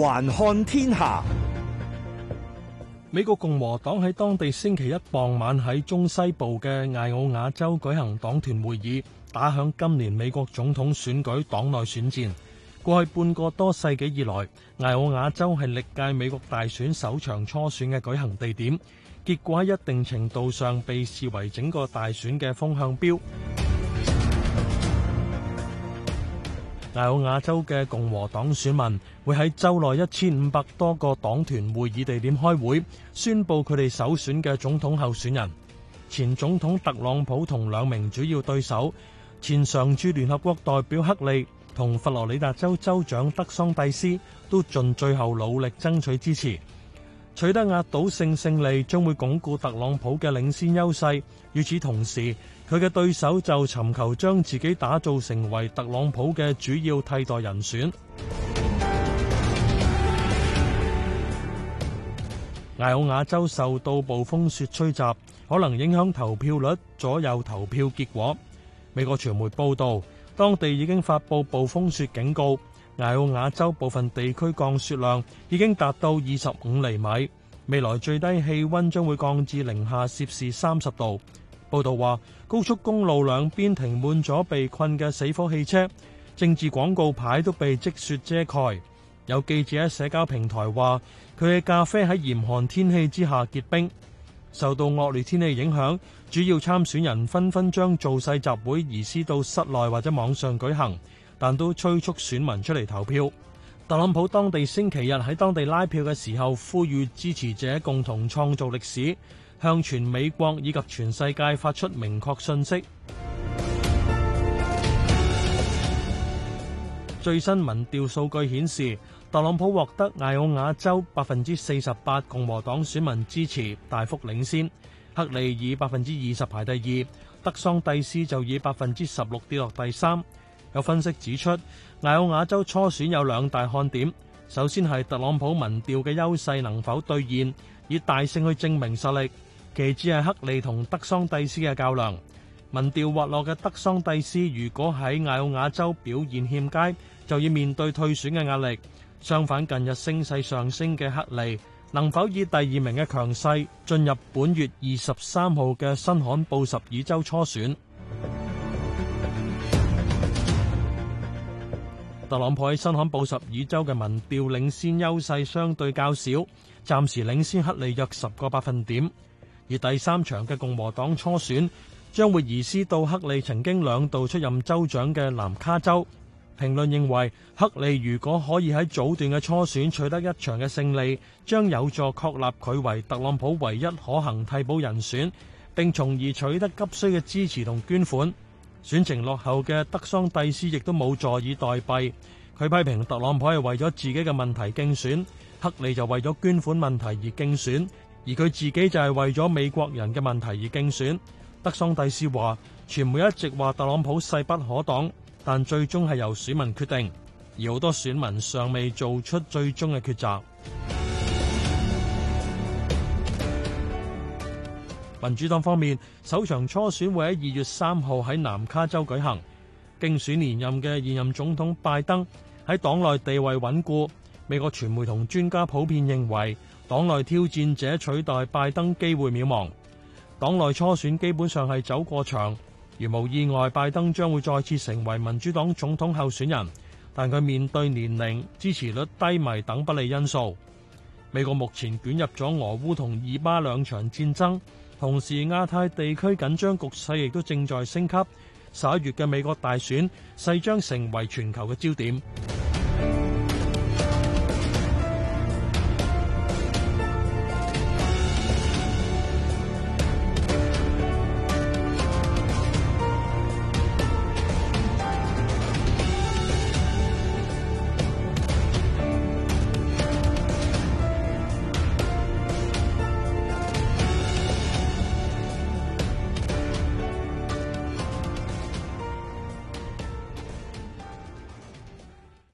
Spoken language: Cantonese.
環看天下，美國共和黨喺當地星期一傍晚喺中西部嘅艾奧瓦州舉行黨團會議，打響今年美國總統選舉黨內選戰。過去半個多世紀以來，艾奧瓦州係歷屆美國大選首場初選嘅舉行地點，結果喺一定程度上被視為整個大選嘅風向標。艾奧瓦州嘅共和黨選民會喺州內一千五百多個黨團會議地點開會，宣佈佢哋首選嘅總統候選人。前總統特朗普同兩名主要對手，前常駐聯合國代表黑利同佛羅里達州州長德桑蒂斯，都盡最後努力爭取支持。取得壓倒性勝利將會鞏固特朗普嘅領先優勢，與此同時，佢嘅對手就尋求將自己打造成為特朗普嘅主要替代人選。艾奧瓦州受到暴風雪吹襲，可能影響投票率，左右投票結果。美國傳媒報導，當地已經發布暴風雪警告。艾奧瓦州部分地區降雪量已經達到二十五厘米，未來最低氣温將會降至零下攝氏三十度。報道話，高速公路兩邊停滿咗被困嘅死火汽車，政治廣告牌都被積雪遮蓋。有記者喺社交平台話，佢嘅咖啡喺嚴寒天氣之下結冰。受到惡劣天氣影響，主要參選人紛紛將造勢集會移師到室內或者網上舉行。但都催促選民出嚟投票。特朗普當地星期日喺當地拉票嘅時候，呼籲支持者共同創造歷史，向全美國以及全世界發出明確信息。最新民調數據顯示，特朗普獲得艾奧瓦州百分之四十八共和黨選民支持，大幅領先；黑利以百分之二十排第二，德桑蒂斯就以百分之十六跌落第三。有分析指出，艾奧瓦州初選有兩大看點。首先係特朗普民調嘅優勢能否兌現，以大勝去證明實力；其次係黑利同德桑蒂斯嘅較量。民調滑落嘅德桑蒂斯如果喺艾奧瓦州表現欠佳，就要面對退選嘅壓力。相反，近日聲勢上升嘅黑利能否以第二名嘅強勢進入本月二十三號嘅新罕布什爾州初選？特朗普喺新罕布什爾州嘅民調領先優勢相對較少，暫時領先黑利約十個百分點。而第三場嘅共和黨初選將會移師到黑利曾經兩度出任州長嘅南卡州。評論認為，黑利如果可以喺早段嘅初選取得一場嘅勝利，將有助確立佢為特朗普唯一可行替補人選，並從而取得急需嘅支持同捐款。選情落後嘅德桑蒂斯亦都冇坐以待斃，佢批評特朗普係為咗自己嘅問題競選，黑利就為咗捐款問題而競選，而佢自己就係為咗美國人嘅問題而競選。德桑蒂斯話：傳媒一直話特朗普勢不可擋，但最終係由選民決定，而好多選民尚未做出最終嘅抉擇。民主黨方面，首場初選會喺二月三號喺南卡州舉行。競選連任嘅現任總統拜登喺黨內地位穩固，美國傳媒同專家普遍認為，黨內挑戰者取代拜登機會渺茫。黨內初選基本上係走過場，如無意外，拜登將會再次成為民主黨總統候選人。但佢面對年齡、支持率低迷等不利因素。美國目前捲入咗俄烏同以巴兩場戰爭。同時，亞太地區緊張局勢亦都正在升級。十一月嘅美國大選勢將成為全球嘅焦點。